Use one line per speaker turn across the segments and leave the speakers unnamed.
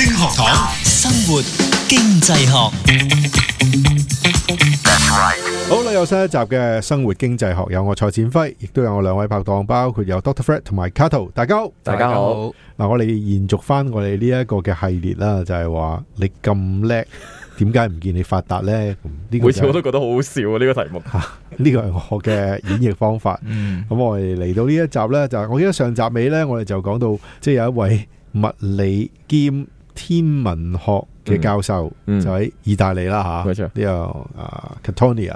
學生活經濟學，好啦，有新一集嘅生活經濟學，有我蔡展輝，亦都有我兩位拍檔，包括有 Doctor Fred 同埋 Cuttle，大家好，大家好。嗱，我哋延續翻我哋呢一個嘅系列啦，就係、是、話你咁叻，點解唔見你發達呢、 就是、每次我都
覺得好好笑啊！呢、這個題目吓，
呢個係我嘅演繹方法。咁、 嗯、我哋嚟到呢一集呢，就係我記得上集尾呢，我哋就講到，即係有一位物理兼。天文學嘅教授、嗯、就喺意大利啦嚇，呢個、嗯、啊 Catania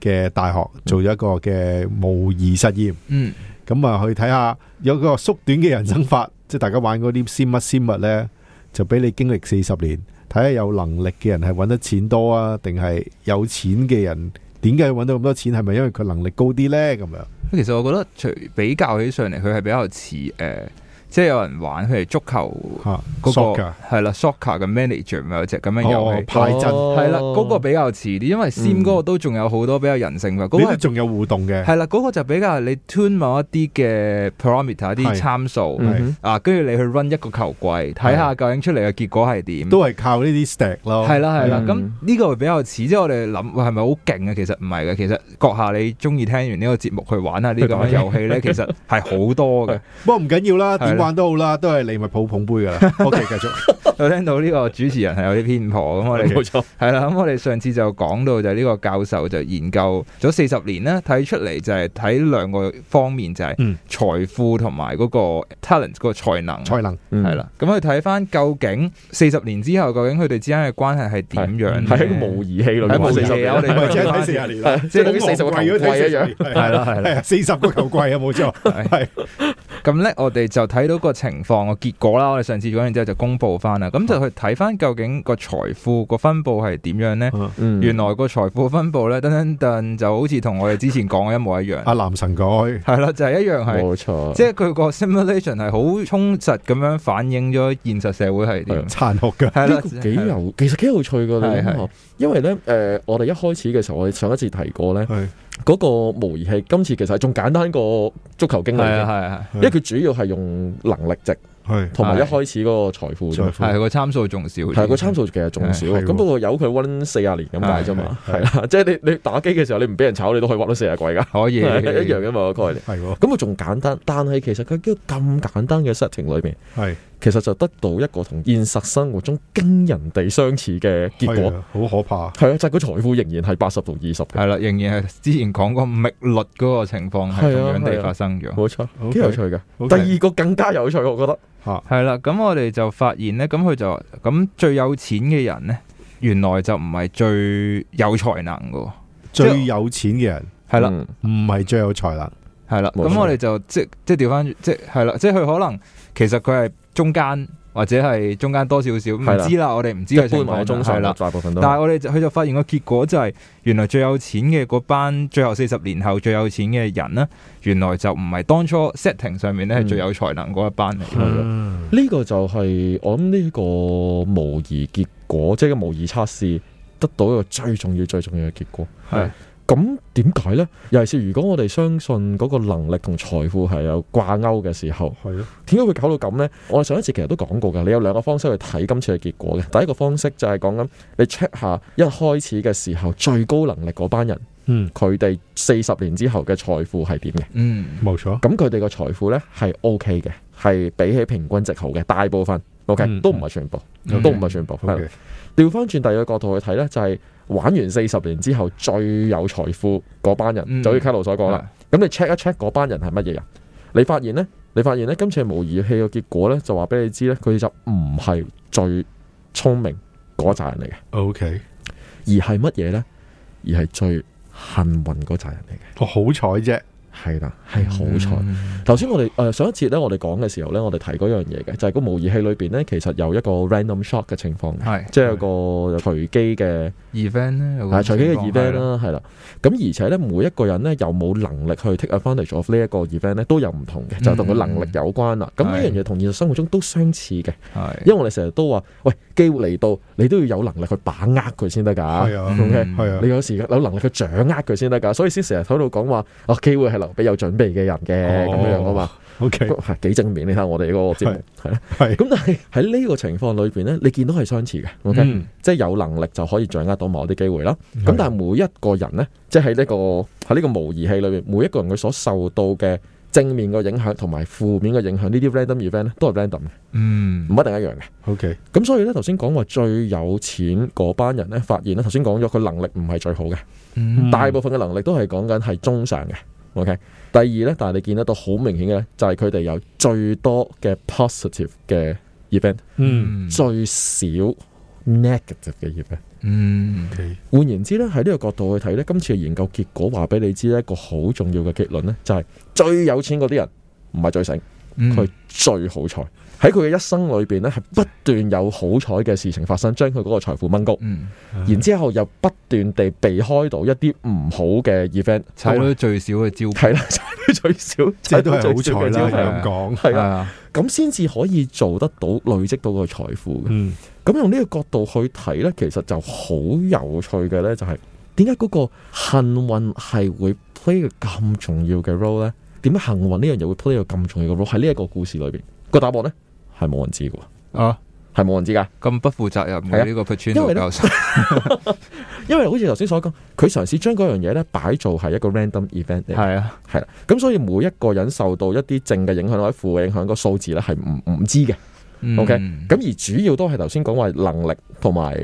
嘅、嗯、大學、嗯、做咗一個嘅模擬實驗，咁啊、嗯嗯、去睇下有個縮短嘅人生法，嗯、即係大家玩嗰啲先乜先物呢，就俾你經歷四十年，睇下有能力嘅人係揾得錢多啊，定係有錢嘅人點解要揾到咁多錢？係咪因為佢能力高啲呢？咁樣
其實我覺得，除比較起上嚟，佢係比較似誒。呃即係有人玩譬如足球，嗰個係啦，soccer 嘅 manager 有隻咁樣遊戲排陣係啦，嗰個比較遲啲，因為 Sim 嗰個都仲有好多比較人性嘅，嗰個仲有互動嘅係啦，嗰個就比較你 tune 某一啲嘅 parameter 一啲參數啊，跟住你去 run 一個球季，睇下究竟出嚟嘅結果係點，都係靠呢啲 stack 咯，係啦係啦，咁呢個會比較遲，即係我哋諗係咪好勁啊？其實唔係嘅，其實閣下你中意聽完呢個節目去玩下呢個遊戲咧，其實係好多嘅，不
過唔緊要啦。慣都好啦，都係利物浦捧杯噶啦。OK，繼續。
有聽到呢個主持人係有啲偏頗咁，我哋冇錯。係啦，咁我哋上次就講到就呢個教授就研究咗四十年啦，睇出嚟，就係睇兩個方面，就係財富同埋嗰個 talent，個才能，才能係啦。咁去睇翻究竟四十年之後，究竟佢哋之間嘅關係係點樣？係一個無儀器咯，喺冇四十年，我哋即係睇四十年，即係四十個球季一樣，係啦係啦，四十個
球季啊，冇錯係。
咁咧，我哋就睇到個情況個結果啦。我哋上次講完之後就公布翻啦。咁就去睇翻究竟個財富個分布係點樣咧？嗯、原來個財富分布咧，等等就好似同我哋之前講嘅一模一樣。阿、啊、男神改係啦，就係、是、一樣係，冇錯錯。即係佢個 simulation 係好充實咁樣反映咗現實社會係殘酷嘅。呢啦個幾有，其實幾有趣噶。的你諗下
的的因為咧，誒、呃，我哋一開始嘅時候，我哋上一次提過咧。的嗰個模擬器今次其實係仲簡單過足球經理嘅，啊啊啊、因為佢主要係用能力值。同埋一開
始嗰個財富，係個參數仲少，係個參數
其實仲少。咁不
過有佢溫
四十年咁解啫嘛，係啦。即係你你打機嘅時候，你唔俾人炒，你都可以屈到四十櫃噶，可以一樣嘅嘛，概念。係喎。咁佢仲簡單，但係其實佢喺咁簡單嘅 setting 裏面，係其實就得到一個同現實生活中驚人哋相似嘅結果，好可怕。係啊，就係個財富仍然係八十到二十嘅，係啦，仍然係之前講過冪律嗰個情
況係同樣地發生咗，冇錯，幾有趣嘅。第二
個更加有趣，我覺得。
係啦，咁、啊、我哋就發現咧，咁佢就咁最有錢嘅人咧，原來就唔係最有才能嘅，最有錢嘅人係啦是，
唔係、嗯、最有才能、嗯了，
係啦，咁我哋就即即係調翻，即係啦，即係佢可能其實佢係中間。或者係中間多少少唔知啦，的我哋唔知。係啦，中上的部分，都但係我哋佢就發現個結果就係、是，原來最有錢嘅嗰班，最後四十年後最有錢嘅人呢，原來就唔係當初 setting 上面咧係最有才能嗰一班嚟。
呢個就係、是、我諗呢個模擬結果，即係個模擬測試得到一個最重要、最重要嘅結果係。咁點解呢？尤其是如果我哋相信嗰個能力同財富係有掛鈎嘅時候，係，點解會搞到咁呢？我上一次其實都講過噶，你有兩個方式去睇今次嘅結果嘅。第一個方式就係講緊你 check 下一開始嘅時候最高能力嗰班人，嗯，佢哋四十年之後嘅財富係點嘅？嗯，冇錯。咁佢哋嘅財富呢係 O K 嘅，係比起平均值好嘅。大部分 O K、嗯、都唔係全部，嗯嗯、都唔係全部。係調翻轉第二個角度去睇呢，就係、是。玩完四十年之後最有財富嗰班人，嗯、就好似卡 r 所講啦。咁、嗯、你 check 一 check 嗰班人係乜嘢人？你發現呢？你發現呢？今次模擬器嘅結果呢，就話俾你知呢，佢就唔係最聰明嗰扎人嚟嘅。O Okay . K，而係乜嘢呢？而係最幸運嗰扎人嚟嘅。好彩啫。係啦，係好彩。頭先我哋誒上一次咧，我哋講嘅時候咧，我哋提過一樣嘢嘅，就係個模擬器裏邊咧，其實有一個 random shock 嘅情況嘅，即係個隨機嘅
event 咧，係隨機嘅 event 啦，
係啦。咁而且咧，每一個人咧有冇能力去 take advantage of 呢一個 event 咧，都有唔同嘅，就同佢能力有關啦。咁呢樣嘢同現實生活中都相似嘅，因為我哋成日都話，喂，機會嚟，到你都要有能力去把握佢先得噶，係啊你有時有能力去掌握佢先得噶，所以先成日喺度講話，哦，機會係留。」俾有準備嘅人嘅咁、哦、樣啊嘛，OK，係幾正面？你睇下我哋嗰個節目係啦，係是。咁是但係喺呢個情況裏邊咧，你見到係相似嘅，OK，嗯、即係有能力就可以掌握到某啲機會啦。咁、嗯、但係每一個人咧，即係喺呢個喺呢個模擬器裏邊，每一個人佢所受到嘅正面嘅影響同埋負面嘅影響，呢啲 random event 都係 random 嗯，唔一定一樣嘅。OK，咁、嗯嗯、所以咧頭先講話最有錢嗰班人咧發現咧，頭先講咗佢能力唔係最好嘅，嗯、大部分嘅能力都係講緊係中上嘅。OK，第二咧，但係你見得到好明顯嘅咧，就係佢哋有最多嘅 positive 嘅 event，嗯，最少 negative 嘅 event，嗯，OK。換言之咧，喺呢個角度去睇咧，今次嘅研究結果話俾你知咧，一個好重要嘅結論咧，就係最有錢嗰啲人唔係最醒。佢、嗯、最好彩喺佢嘅一生裏邊咧，係不斷有好彩嘅事情發生，將佢嗰個財富掹高。嗯、然之後又不斷地避開到一啲唔好嘅 event，踩到
最少嘅招，係
啦，最少，踩到最少嘅招。咁講係啊，咁先至可以做得到累積到個財富。咁、嗯嗯、用呢個角度去睇咧，其實就好有趣嘅咧，就係點解嗰個幸運係會 play 咁重要嘅 role 咧？點樣幸運呢樣嘢會 play 喺度咁重要嘅 role？喺呢一個故事裏邊，那個答案咧係冇人知嘅。啊，係冇人知噶，咁不負責任嘅呢、啊、個鋪穿。因為咧， 因為好似頭先所講，佢嘗試將嗰樣嘢咧擺做係一個 random event。係啊，係啦、啊，咁所以每一個人受到一啲正嘅影響或者負嘅影響，個數字咧係唔唔知嘅。O K，咁而主要都係頭先講話能力同埋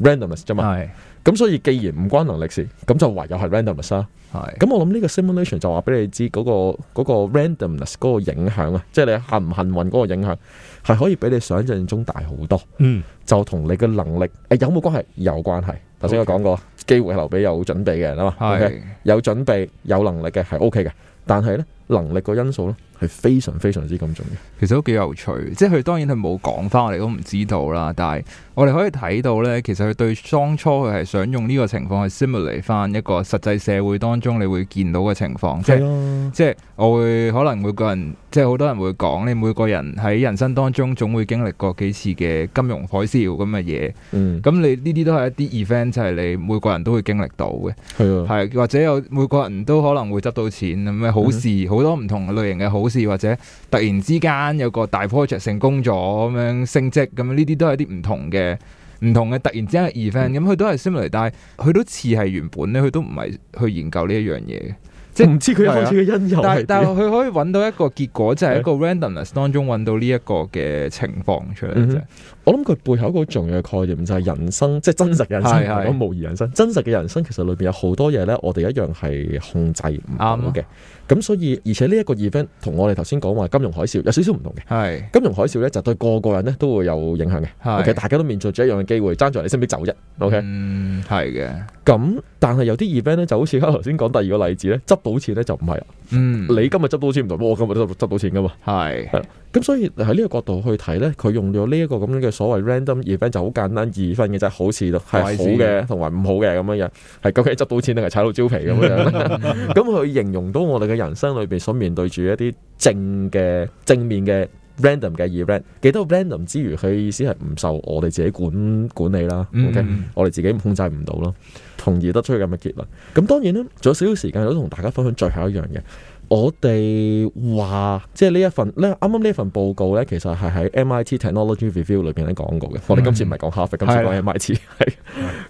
randomness 啫嘛嗎。咁所以既然唔關能力事，咁就唯有係 randomness 啦是。係，咁我諗呢個 simulation 就話俾你知嗰、嗰個、嗰個 randomness 嗰個影響啊，即、就、係、是、你幸唔幸運嗰個影響係可以比你想象中大好多。嗯，就同你嘅能力誒、欸、有冇關係？有關係。頭先我講過，機 Okay. 會係留俾有準備嘅人啊嘛。係，okay? 是有準備有能力嘅係 OK 嘅，但係咧。能力個因素咯，係非常非常之咁重要。
其實都幾有趣，即係佢當然佢冇講翻，我哋都唔知道啦。但係我哋可以睇到咧，其實佢對當初佢係想用呢個情況去 simulate 翻一個實際社會當中你會見到嘅情況，啊、即係即係我會可能每個人，即係好多人會講你每個人喺人生當中總會經歷過幾次嘅金融海嘯咁嘅嘢。嗯。咁你呢啲都係一啲 event，就係你每個人都會經歷到嘅。係啊。係或者有每個人都可能會執到錢，咁嘅好事。嗯好多唔同類型嘅好事，或者突然之間有個大 project 成功咗咁樣升職，咁樣呢啲都係啲唔同嘅，唔同嘅突然之間嘅 event，咁佢都係 similar，但係佢都似係原本咧，佢都唔係去研究呢一樣嘢。即唔知佢開始嘅因由，但係佢可以揾到一個結果，就係、是、一個 randomness 當中揾到呢一個嘅情況出嚟。我諗佢背後一個重要嘅概念就係人生， 即係真實人生同埋
模擬人生。 真實嘅人生其實裏邊有好多嘢咧，我哋一樣係控制唔到嘅。咁吧所以而且呢一個 event 同我哋頭先講話金融海嘯有少少唔同嘅。係是金融海嘯咧，就對個個人咧都會有影響嘅。其實是、okay，大家都面對住一樣嘅機會，爭在你識唔識走啫。OK，係嘅、嗯。咁但係有啲 event 咧就好似啱頭先講第二個例子咧，執。好似咧就唔係，嗯、你今日執到錢唔同，我今日都執到錢噶嘛，係是，咁所以喺呢個角度去睇咧，佢用咗呢一個咁樣嘅所謂 random event 就好簡單二分嘅就係好似咯，係好嘅同埋唔好嘅咁樣樣，係究竟執到錢定係踩到蕉皮咁樣，咁佢 形容到我哋嘅人生裏邊所面對住一啲正嘅正面嘅。random 嘅嘢，random 幾多 random 之餘，佢意思係唔受我哋自己管管理啦。OK，、mm hmm. 我哋自己控制唔到咯，同意得出咁嘅結論。咁當然咧，仲有少少時間都同大家分享最後一樣嘅。我哋話即係呢一份咧，啱啱呢份報告咧，其實係喺 MIT Technology Review 裏邊咧講過嘅。Mm hmm. 我哋今次唔係講哈佛，hmm. 今次講 MIT 係。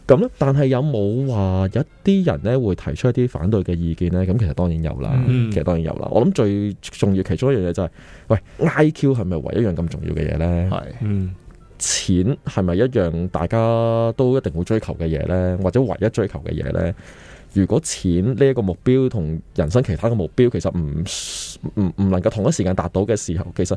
咁、hmm. 但係有冇話一啲人咧會提出一啲反對嘅意見咧？咁其實當然有啦，其實當然有，mm hmm. 當然有。我諗最重要其中一樣嘢就係、是，喂，IQ 係咪唯一一樣咁重要嘅嘢咧？係、mm，嗯、hmm.，錢係咪一樣大家都一定會追求嘅嘢咧？或者唯一追求嘅嘢咧？如果錢呢一個目標同人生其他嘅目標，其實唔唔唔能夠同一時間達到嘅時候，其實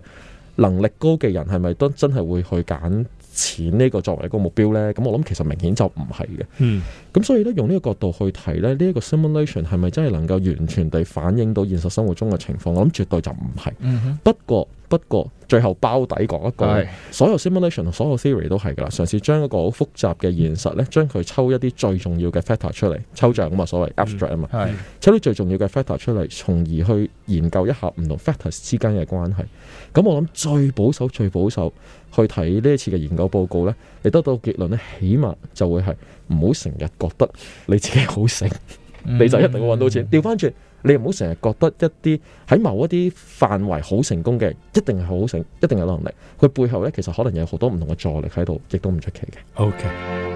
能力高嘅人係咪都真係會去揀錢呢個作為一個目標呢？咁我諗其實明顯就唔係嘅。嗯，咁所以咧，用呢個角度去睇呢，呢一個 simulation 係咪真係能夠完全地反映到現實生活中嘅情況？我諗絕對就唔係。嗯哼，不過。不過最後包底講一句，的所有 simulation 同所有 theory 都係噶啦，嘗試將一個好複雜嘅現實咧，將佢抽一啲最重要嘅 factor 出嚟，抽象咁嘛，所謂 abstract 啊嘛，的抽啲最重要嘅 factor 出嚟，從而去研究一下唔同 factors 之間嘅關係。咁我諗最，最保守、最保守去睇呢一次嘅研究報告咧，你得到結論咧，起碼就會係唔好成日覺得你自己好醒，嗯、 你就一定會揾到錢。調翻轉。你唔好成日覺得一啲喺某一啲範圍好成功嘅，一定係好成，一定有能力。佢背後呢，其實可能有好多唔同嘅助力喺度，亦都唔出奇嘅。OK。